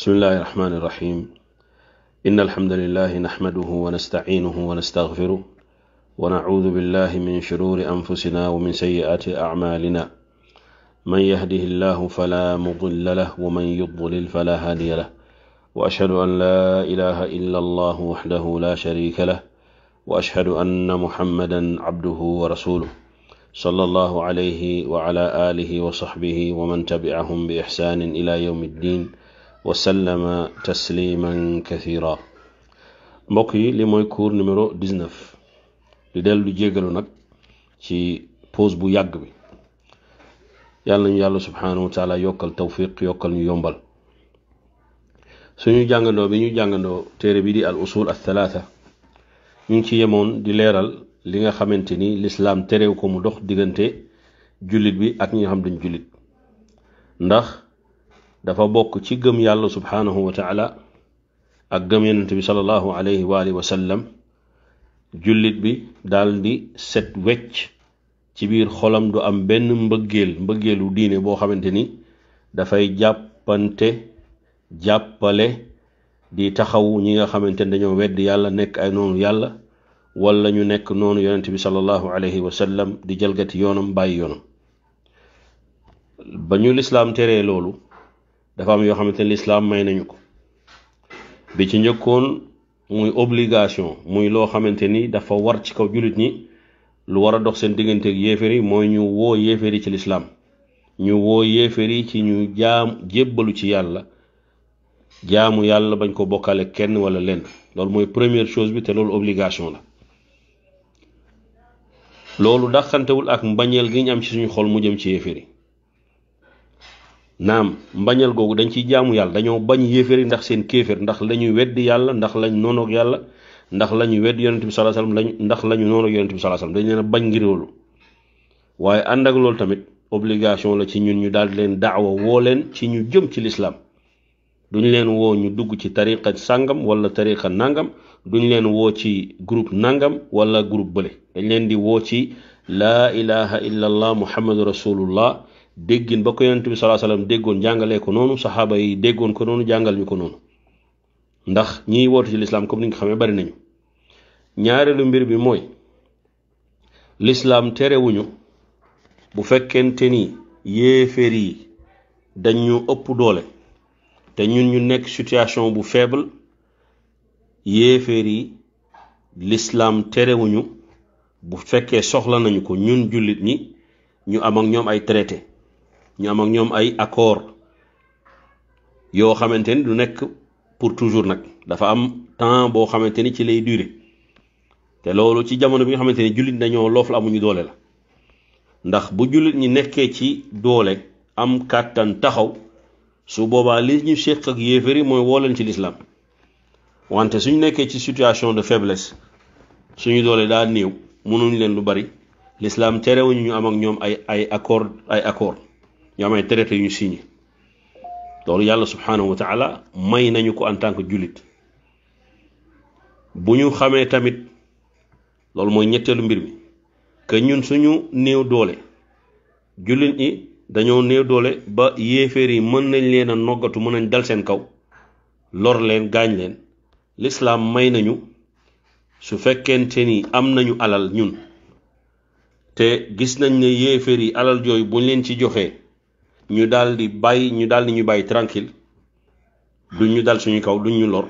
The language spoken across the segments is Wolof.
بسم الله الرحمن الرحيم إن الحمد لله نحمده ونستعينه ونستغفره ونعوذ بالله من شرور أنفسنا ومن سيئات أعمالنا من يهده الله فلا مضل له ومن يضلل فلا هادي له وأشهد أن لا إله إلا الله وحده لا شريك له وأشهد أن محمدا عبده ورسوله صلى الله عليه وعلى آله وصحبه ومن تبعهم بإحسان إلى يوم الدين wasallama tasliman kathira mbokk yi li mooy cours numéro 19 di dellu jégalu nag ci pause bu yàgg bi yàlla ñu yàlla subhaanahu wa taala yokkal tawfiq yokkal ñu yombal suñu jàngandoo bi ñu jàngandoo téere bi di al usul al thalaatha ñu ngi ci yemoon di leeral li nga xamante ni lislaam terew ko mu dox diggante jullit bi ak ñi nga xam dañ jullit ndax dafa bokk ci gëm yàlla subhaanahu wa taala ak gëm yonent bi sallallahu alayhi wa alihi wa sallam jullit bi daldi set wecc ci biir xolam du am benn mbëggeel mbëggeelu diine boo xamante ni dafay jàppante jàppale di taxawu ñi nga xamante ni dañoo wedd yàlla nekk ay noonu yàlla wala ñu nekk noonu yonent bi sallallahu alayhi wa sallam di jalgati yoonam bàyyi yoonam ba ñu lislaam teree loolu dafa am yoo xamante ni lislaam may nañu ko bi ci njëkkoon muy obligation muy loo xamante ni dafa war ci kaw jullit ñi lu war a dox seen diggante ak yéeféer yi mooy ñu woo yéeféer yi ci lislaam ñu woo yéeféer yi ci ñu jaam jébbalu ci yàlla jaamu yàlla bañ ko bokkale kenn wala lenn loolu mooy première chose bi te loolu obligation la loolu dàqantewul ak mbañeel gi ñu am ci suñu xol mu jëm ci yéeféer yi naam mbañal googu dañ ciy jaamu yàlla dañoo bañ yéeféer yi ndax seen kéeféer ndax la ñuy weddi yàlla ndax lañ noonoog yàlla ndax la ñuy weddi yonent bi salaa salaam lañ ndax la ñu noonoog bi salaa salaam dañ leen a bañ ngir loolu waaye ànd ak loolu tamit obligation la ci ñun ñu daal di leen daawa woo leen ci ñu jëm ci lislaam duñu leen woo ñu dugg ci tariqa sàngam wala tariqa nàngam duñ leen woo ci groupe nàngam wala groupe bële dañ leen di woo ci laa ilaha illa allah muhammadu rasulullah déggin ba ko yonent bi salaa salaam déggoon jàngalee ko noonu saxaaba yi déggoon ko noonu jàngal ñu ko noonu ndax ñiy wootu ci lislaam comme ni nga xamee bari nañu ñaareelu mbir mi mooy lislaam terewuñu bu fekkente ni yéeféer yi dañu ëpp doole te ñun ñu nekk situation bu feebal yéeféer yi lislaam terewuñu bu fekkee soxla nañu ko ñun jullit ñi ñu am ak ñoom ay traité ñu am ak ñoom ay accord yoo xamante ni du nekk pour toujours nag dafa am temps boo xamante ni ci lay durer te loolu ci jamono bi nga xamante ni jullit dañoo loof la amuñu doole la ndax bu jullit ñi nekkee ci doole am kàttan taxaw su boobaa li ñu séq ak yéefar mooy woo leen ci lislaam wante suñu nekkee ci situation de faiblesse suñu doole daa néew mënuñ leen lu bari lislaam tere terewuñu ñu am ak ñoom ay ay accord ay accord ñu am ay yu ñu signé loolu yàlla subhanahu wa taala may nañu ko en tant que jullit bu ñu xamee tamit loolu mooy ñetteelu mbir mi que ñun suñu néew doole jullit yi dañoo néew doole ba yéeféer yi mën nañ leen a noggatu mën nañ dal seen kaw lor leen gaañ leen lislaam may nañu su fekkente ni am nañu alal ñun te gis nañ ne yéeféer yi alal jooyu buñ leen ci joxee ñu daal di bàyyi ñu daal di ñu bàyyi tranquille du ñu dal suñu kaw du ñu lor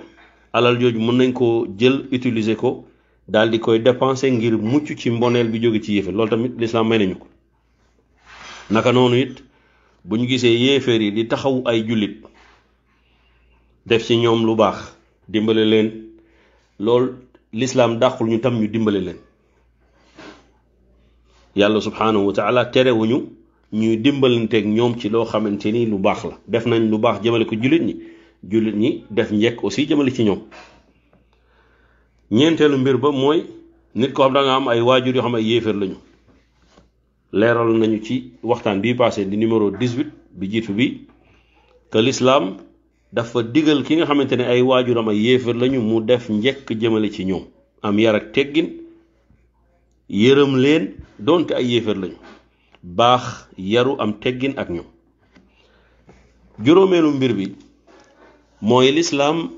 alal jooju mën nañ koo jël utiliser ko daal di koy dépenser ngir mucc ci mboneel bi jóge ci yéeféer loolu tamit lislaam may nañu ko naka noonu it bu ñu gisee yéeféer yi di taxaw ay jullit def ci ñoom lu baax dimbale leen loolu lislaam dàqul ñu tam ñu dimbale leen yàlla subhaanahu wa taala terewuñu ñuy dimbalanteeg ñoom ci loo xamante ni lu baax la def nañ lu baax jëmale ko jullit ñi jullit ñi def njekk aussi jëmale ci ñoom ñeenteelu mbir ba mooy nit ko xam da am ay waajur yoo xam ay yéeféer lañu leeral nañu ci waxtaan bii passé di numéro 18 bi jiitu bi que l'islam dafa digal ki nga xamante ne ay waajuram ay yéeféer lañu mu def njekk jëmale ci ñoom am yarak teggin yërëm leen donte ay yéeféer lañu baax yaru am teggin ak ñoom juróomeelu mbir bi mooy lislaam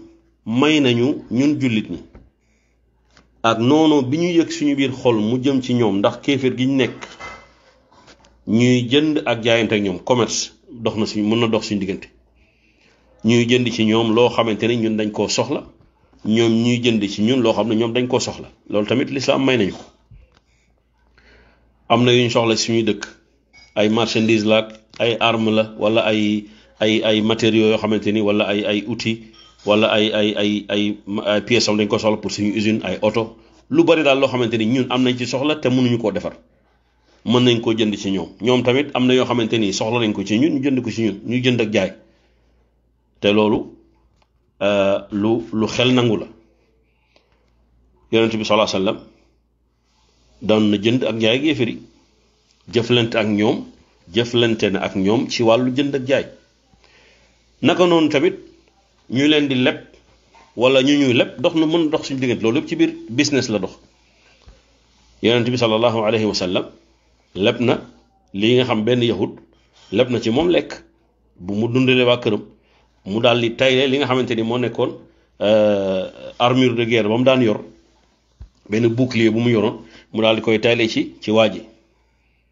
may nañu ñun jullit ñi ak noonoo bi ñu yëg suñu biir xol mu jëm ci ñoom ndax kéeféer gi ñu nekk ñuy jënd ak jaayante ak ñoom commerce dox na suñu mën na dox suñu diggante ñuy jënd ci ñoom loo xamante ne ñun dañ koo soxla ñoom ñuy jënd ci ñun loo xam ne ñoom dañ koo soxla loolu tamit lislaam may nañu ko am na yu ñu soxla suñuy dëkk ay marchandise la ay arme la wala ay ay ay matériaux yoo xamante ni wala ay ay outils wala ay ay ay ay ay dañ ko soxla pour suñu usine ay oto lu bari daal loo xamante ni ñun am nañ ci soxla te mënuñu koo defar mën nañ koo jënd ci ñoom ñoom tamit am na yoo xamante ni soxla nañ ko ci ñun ñu jënd ko ci ñun ñu jënd ak jaay te loolu euh, lu lu xel nangu la yonent bi sallallahu alayhi daan na jënd ak jaay ak yéefar yi jëflante ak ñoom jëflante na ak ñoom ci wàllu jënd ak jaay naka noonu tamit ñu leen di leb walla ñu ñuy leb dox na mën dox suñu diggante loolu yëpp ci biir business la dox yonent bi sallallahu alayhi wa sallam leb na lii nga xam benn yahud leb na ci moom lekk bu mu dundalee waa këram mu daal di tayle li nga xamante ni moo nekkoon euh, armure de guerre ba mu daan yor benn bouclier bu mu yoroon. mu daal di koy tayle ci ci waa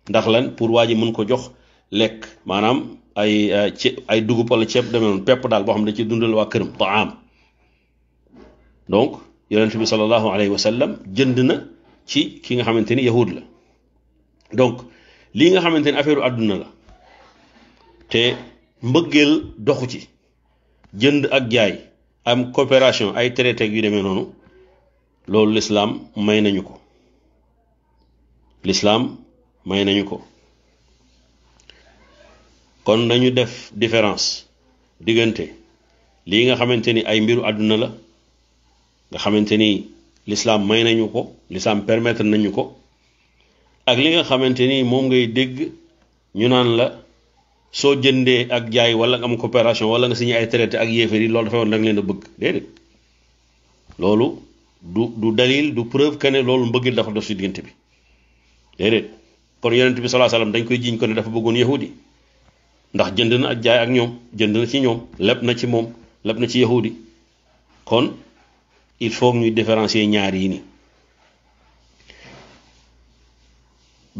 ndax lan pour waa ji mun ko jox lekk maanaam ay ci ay dugub wala ceeb demee noonu pepp daal boo xam ne ci dundal waa këram taam donc yonent bi sallallahu alayhi wa sallam jënd na ci ki nga xamante ni yahud la donc lii nga xamante ni affaire àdduna la te mbëggeel doxu ci jënd ak jaay am coopération ay traité yu demee noonu loolu lislaam may nañu ko lislaam may nañu ko kon nañu def différence diggante lii nga xamante ni ay mbiru àdduna la nga xamante ni lislaam may nañu ko lislaam permettre nañu ko ak li nga xamante ni moom ngay dégg ñu naan la soo jëndee ak jaay wala nga am coopération wala nga signé ay traité ak yéefar yi loolu dafa woon da nga leen a bëgg déedéet loolu du du dalil du preuve que ne loolu mbëggil dafa dox si diggante bi déedéet kon yonent bi salaa salaam dañ koy jiiñ ko ne dafa bëggoon yahudi ndax jënd na ak jaay ak ñoom jënd na ci ñoom leb na ci moom leb na ci yahudi kon il faut ñuy différencier ñaar yi ni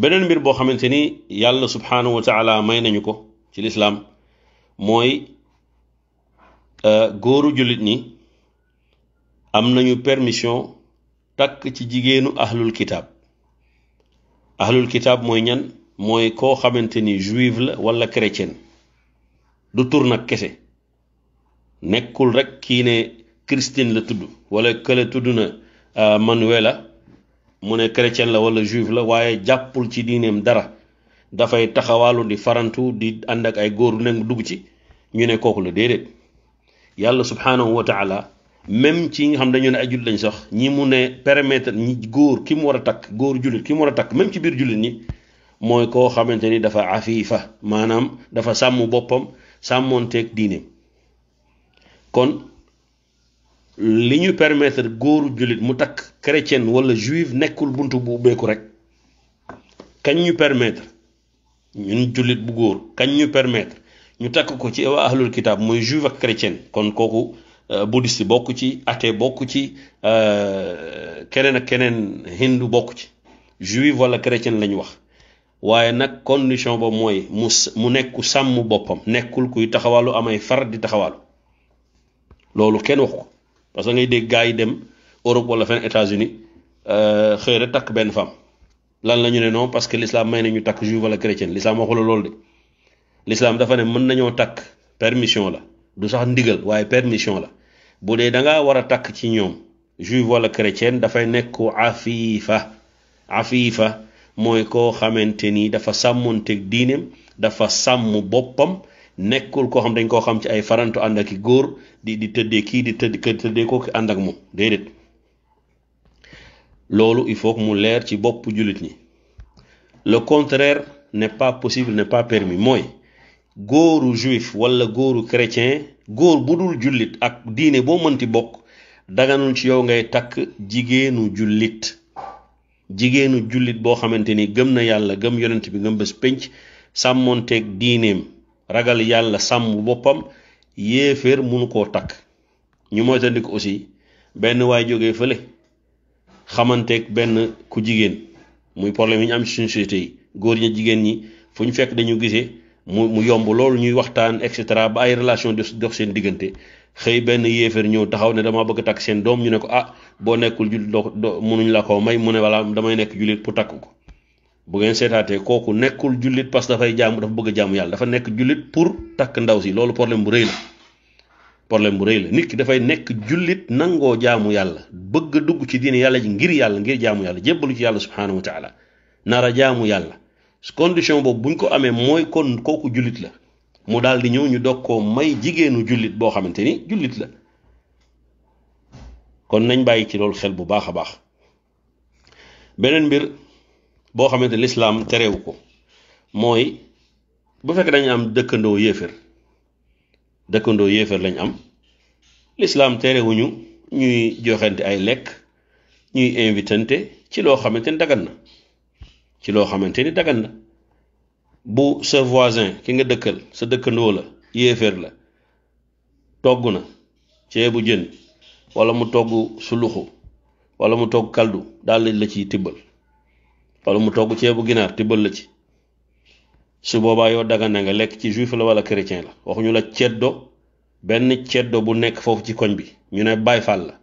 beneen mbir boo xamante ni yàlla subhanahu wa taala may nañu ko ci lislaam mooy euh, góoru jullit ni am nañu permission takk ci jigéenu ahlul kitab ahlul kitaab mooy ñan mooy koo xamante ni juif la walla chrétien du tur nag kese nekkul rek kii ne Christine la tudd walla kële tudd na euh, Manuela mu ne chrétien la walla juif la waaye jàppul ci diineem dara dafay taxawaalu di farantu di ànd ak ay góor nekk dugg ci ñu ne kooku la déedéet yàlla subhaanahu wa même ci nga xam dañu ne ay jullit lañ sax ñi mu ne permettre ñi góor ki mu war a takk góor jullit ki mu war a takk même ci biir jullit ñi mooy koo xamante ni dafa afiifa maanaam dafa sàmm boppam sàmmoonteeg diineem kon li ñu permettre góoru jullit mu takk chrétien wala juif nekkul bunt bu ubbeeku rek kañ ñu permettre ñun jullit bu góor kañ ñu permettre ñu takk ko ci waa ahlul kitaab mooy juif ak chrétien kon kooku Euh, bouddhiste bokk ci athée bokk ci euh, keneen ak keneen hindu bokk ci juif wala chrétien la ñu wax waaye nag condition ba mooy mu mu nekku sàmm boppam nekkul kuy taxawalu amay far di taxawalu loolu kenn wax ko parce que ngay dégg gars yi dem Europe wala fen États-Unis euh, xëy na takk benn femme lan la ñu ne non parce que l'islam may nañu takk juif wala chrétien l'islam waxula loolu de l'islam dafa ne mën nañoo takk permission la du sax ndigal waaye permission la bu dee da ngaa war a takk ci ñoom juif wala chrétien dafay fa afiifa afiifa mooy koo xamante ni dafa sàmmonteeg diineem dafa sàmm boppam nekkul koo xam dañ koo xam ci ay farantu ànd ak i góor di di tëddee kii di tëdd kër ko ki ànd ak moom déedéet loolu il faut mu leer ci bopp jullit ñi le contraire ne pas possible n'est pas permis mooy góoru juif wala góoru chrétien góor bu dul jullit ak diine boo mënti bokk daganul ci yow ngay takk jigéenu jullit jigéenu jullit boo xamante ni gëm na yàlla gëm yonent bi gëm bés pénc sàmmoonteeg diineem ragal yàlla sàmm boppam yéeféer munu koo takk ñu moytandik aussi benn waay jóge fële xamanteek benn ku jigéen muy problème yi ñu am suñu société yi góor ña jigéen ñi fu ñu fekk dañu gisee mu mu yomb loolu ñuy waxtaan et cetera ba ay relation di dox seen diggante xëy benn yéeféer ñëw taxaw ne damaa bëgg a takk seen doom ñu ne ko ah boo nekkul jullit doo doo mënuñ la koo may mu ne walla damay nekk jullit pour takk ko bu ngeen kooku nekkul jullit parce que dafay jaamu dafa bëgg a yàlla dafa nekk jullit pour takk ndaw si loolu problème bu réy la problème bu rëy la nit ki dafay nekk jullit nangoo jaamu yàlla bëgg dugg ci diine yàlla ji ngir yàlla ngir jaamu yàlla jébbalu ci yàlla subhaanahu wa taala nara jaamu yàlla condition boobu buñ ko amee mooy kon kooku jullit la mu daal di ñëw ñu dog koo may jigéenu jullit boo xamante ni jullit la kon nañ bàyyi ci loolu xel bu baax a baax beneen mbir boo xamante ni lislaam terewu ko mooy ba fekk dañu am dëkkandoo yéefér dëkkandoo yéefér lañ am lislaam terewuñu ñuy joxante ay lekk ñuy invitante ci loo xamante ni dagan na ci loo xamante ni dagan bu sa voisin ki nga dëkkal sa dëkkandoo la yéeféer la togg na ceebu jën wala mu togg suluxu wala mu togg kaldu daal la ci tibbal wala mu togg ceebu ginaar tibbal la ci su boobaa yoo dagan na nga lekk ci juif la wala chrétien la waxuñu la ceddo benn ceddo bu nekk foofu ci koñ bi ñu ne Baay Faal la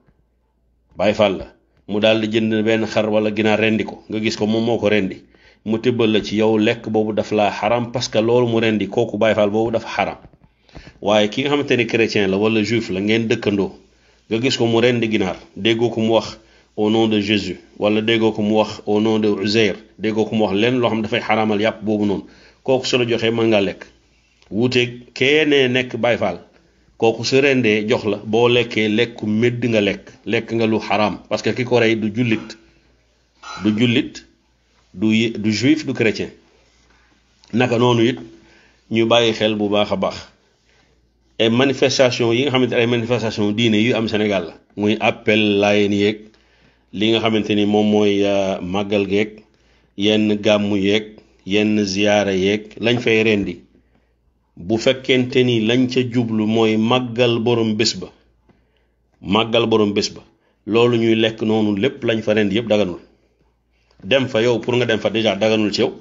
Baay Faal la mu daal di jënd benn xar wala ginaar rendi ko nga gis ko moom moo ko rendi mu tibbal la ci yow lekk boobu daf laa xaram parce que loolu mu rendi kooku Baay Faal boobu dafa xaram waaye ki nga xamante ni chrétien la wala juif la ngeen dëkkandoo nga gis ko mu rendi ginaar déggoo ko mu wax au nom de Jésus wala déggoo ko mu wax au nom de Uzair déggoo ko mu wax leen loo xam dafay xaraamal yàpp boobu noonu kooku su la joxee mën ngaa lekk wuuteeg kee nee nekk Baay kooku su rendee jox la boo lekkee lekku médd nga lekk lekk nga lu xaraam parce que ki ko rey du jullit du jullit du du juif du chrétien naka noonu it ñu bàyyi xel bu baax a baax ay manifestation yi nga xamante ay manifestation diine yu am Sénégal la muy appel laayeen yeeg li nga xamante ni moom mooy euh, màggal geeg yenn gàmmu yeeg yenn ziyaara yeeg lañ fay rendi bu fekkente ni lañ ca jublu mooy màggal borom bés ba màggal borom bés ba loolu ñuy lekk noonu lépp lañ fa rend yëpp daganul dem fa yow pour nga dem fa déjà daganul ci yow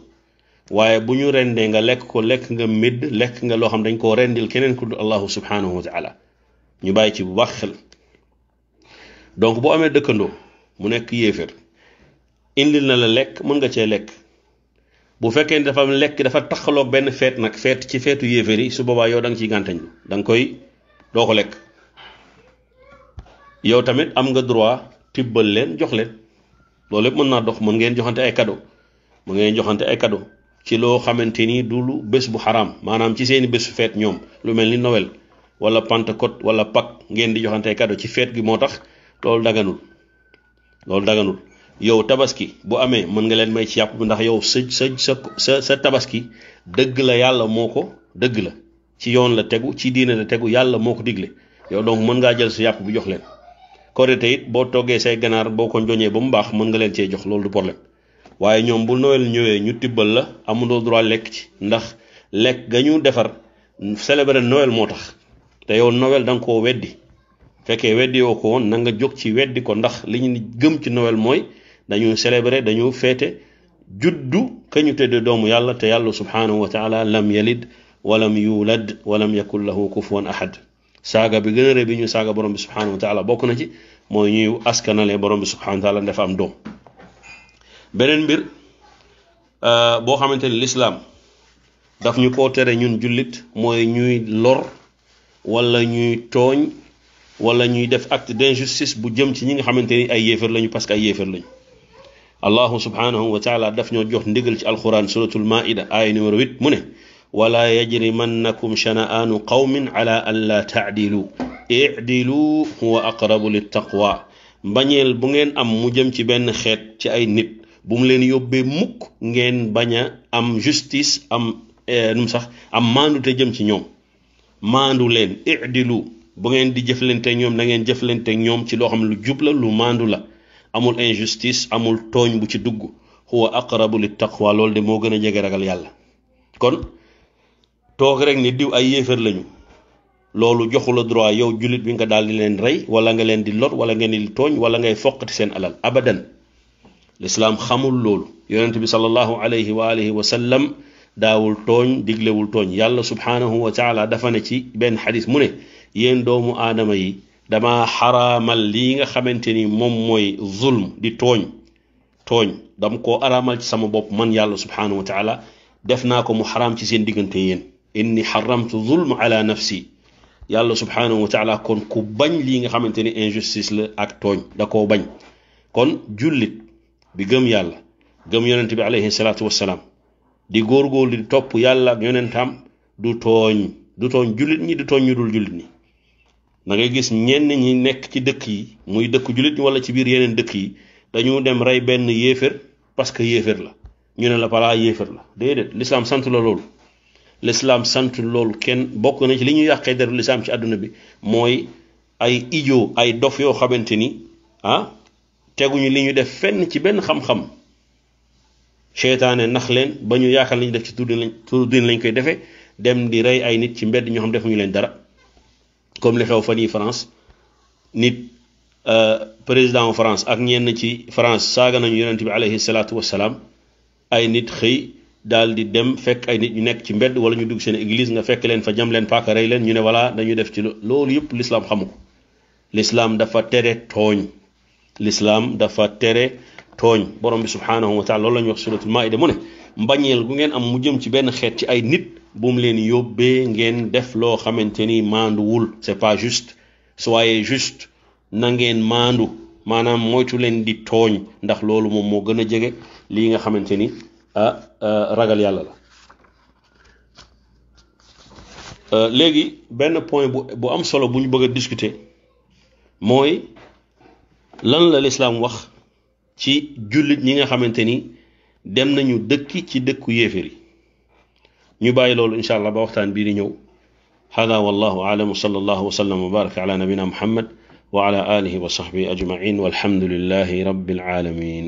waaye bu ñu rendee nga lekk ko lekk nga médd lekk nga loo xam dañ ko rendil keneen ku dul allahu subhanahu wa taala ñu bàyyi ci bu baax xel donc boo amee dëkkandoo mu nekk yéeféer indil na la lekk mën nga cee lekk bu fekkee ni dafa am lekk dafa taxaloog benn feet nag feet ci feetu yéeféer yi su boobaa yow danga nga ciy gàntañ lu koy doo ko lekk yow tamit am nga droit tibbal leen jox leen loolu yëpp mën naa dox mën ngeen joxante ay kado mu ngeen joxante ay kado ci loo xamante ni du lu bés bu xaraam maanaam ci seeni bésu feet ñoom lu mel ni nowel wala Pentecôte wala Pâques ngeen di joxante ay cadeau ci feet gi moo tax loolu daganul loolu daganul yow tabaski bu amee mën nga leen may ci yàpp bi ndax yow sa sa sa sa tabaski dëgg la yàlla moo ko dëgg la ci yoon la tegu ci diine la tegu yàlla moo ko digle yow donc mën ngaa jël sa yàpp bi jox leen korite it boo toggee say ganaar boo ko njoñee ba mu baax mën nga leen cee jox loolu du problème waaye ñoom bu Noël ñëwee ñu tibbal la amuloo droit lekk ci ndax lekk ga ñu defar célébrer Noël moo tax te yow Noël da nga koo weddi fekkee weddi woo ko woon na nga jóg ci weddi ko ndax li ñu gëm ci nowel mooy dañu célébrer dañu féete juddu kañu tëdd doomu yàlla te yàlla subhanahu wa taala lam yalid walam yulad walam yakun lahu kufuwan ahad saaga bi gën bi ñu saaga borom bi subhanahu bokk na ci mooy ñuy askanale borom bi subhanahu wa dafa am doom beneen mbir euh, boo xamante ne lislaam daf ñu koo tere ñun jullit mooy ñuy lor walla ñuy tooñ wala ñuy def acte d'injustice bu jëm ci ñi nga xamante ni ay yéefar lañu parce que ay yéefar lañu allahu subhanahu wa taala daf ñoo jox ndigal ci alquran suratul maida ay numéro it mu ne wala yajrimannakum shana'aanu qawmin ala an laa taadilu idilu huwa aqrabu littaqwa mbañeel bu ngeen am mu jëm ci benn xeet ci ay nit bu mu leen yóbbee mukk ngeen bañ a am justice am eh, sax am maandu te jëm ci ñoom maandu leen idilu bu ngeen di jëflante ñoom na ngeen jëflante ñoom ci loo xam lu jub la lu maandu la amul injustice amul tooñ bu ci dugg huwa aqrabu lit waa loolu de moo gën a jege ragal yàlla kon toog rek ni diw ay yéefar lañu loolu joxu la droit yow jullit bi nga daal di leen rey wala nga leen di lot wala nga ni tooñ wala ngay foqati seen alal abadan lislaam xamul loolu yonent bi sallallahu alayhi wa alihi wa sallam daawul tooñ diglewul tooñ yàlla subhaanahu wa taala dafa ne ci benn xadis mu ne yéen doomu aadama yi dama xaraamal lii nga xamante ni moom mooy zulm di tooñ tooñ dam ko aramal ci sama bopp man yàlla subhanahu wa taala def naa ko mu xaraam ci seen diggante yéen inni xaramtu zulm ala nafsi yàlla subhanahu wa taala kon ku bañ lii nga xamante ni injustice la ak tooñ da koo bañ kon jullit bi gëm yàlla gëm yonent bi alayhi salaatu wassalaam di góor di topp yàlla yonentam du tooñ du tooñ jullit ñi du tooñ ñu dul jullit ñi da ngay gis ñenn ñi nekk ci dëkk yi muy dëkk jullit ñi wala ci biir yeneen dëkk yi dañu dem rey benn yéefér parce que yéefér la ñu ne la balaa yéefér la déedéet lislaam sant la loolu lislaam sant loolu kenn bokk na ci li ñuy yàqee deru lislaam ci àdduna bi mooy ay idiot ay dof yoo xamante ni ah teguñu li ñu def fenn ci benn xam-xam seytaane nax leen ba ñu yaakaar li ñu def ci tur din lañ tur din lañ koy defee dem di rey ay nit ci mbedd ñoo xam defuñu leen dara comme li xew fan yii France nit euh, président France ak ñenn ci France saaga nañu yonent bi aleyhi salaatu wassalaam ay nit xëy daal di dem fekk ay nit ñu nekk ci mbedd wala ñu dugg seen église nga fekk leen fa jam leen paaka rey leen ñu ne voilà dañu def ci loolu yëpp lislaam xamu ko lislaam dafa tere tooñ lislaam dafa tere tooñ borom bi subhaanahu wa loolu la ñuy wax suratul maida mu ne mbañeel gu ngeen am mu jëm ci benn xeet ci ay nit bu leen yóbbee ngeen def loo xamante ni maanduwul c'est pas juste soyez juste na ngeen maandu maanaam moytu leen di tooñ ndax loolu moom moo gën a jege lii nga xamante ni ah, ah ragal yàlla la euh, léegi benn point bu bu am solo bu ñu bëgg a discuter mooy lan la lislaam wax ci jullit ñi nga xamante ni dem nañu dëkki ci dëkku yéeféer yi ñu bàyyi loolu incha allah ba waxtaan bii di ñëw hada wallahu aalamu sal allahu wasallam wa baraka ala nabina muhammad wa ala alihi wa sahbihi ajmain walhamdulillahi rabbil alamin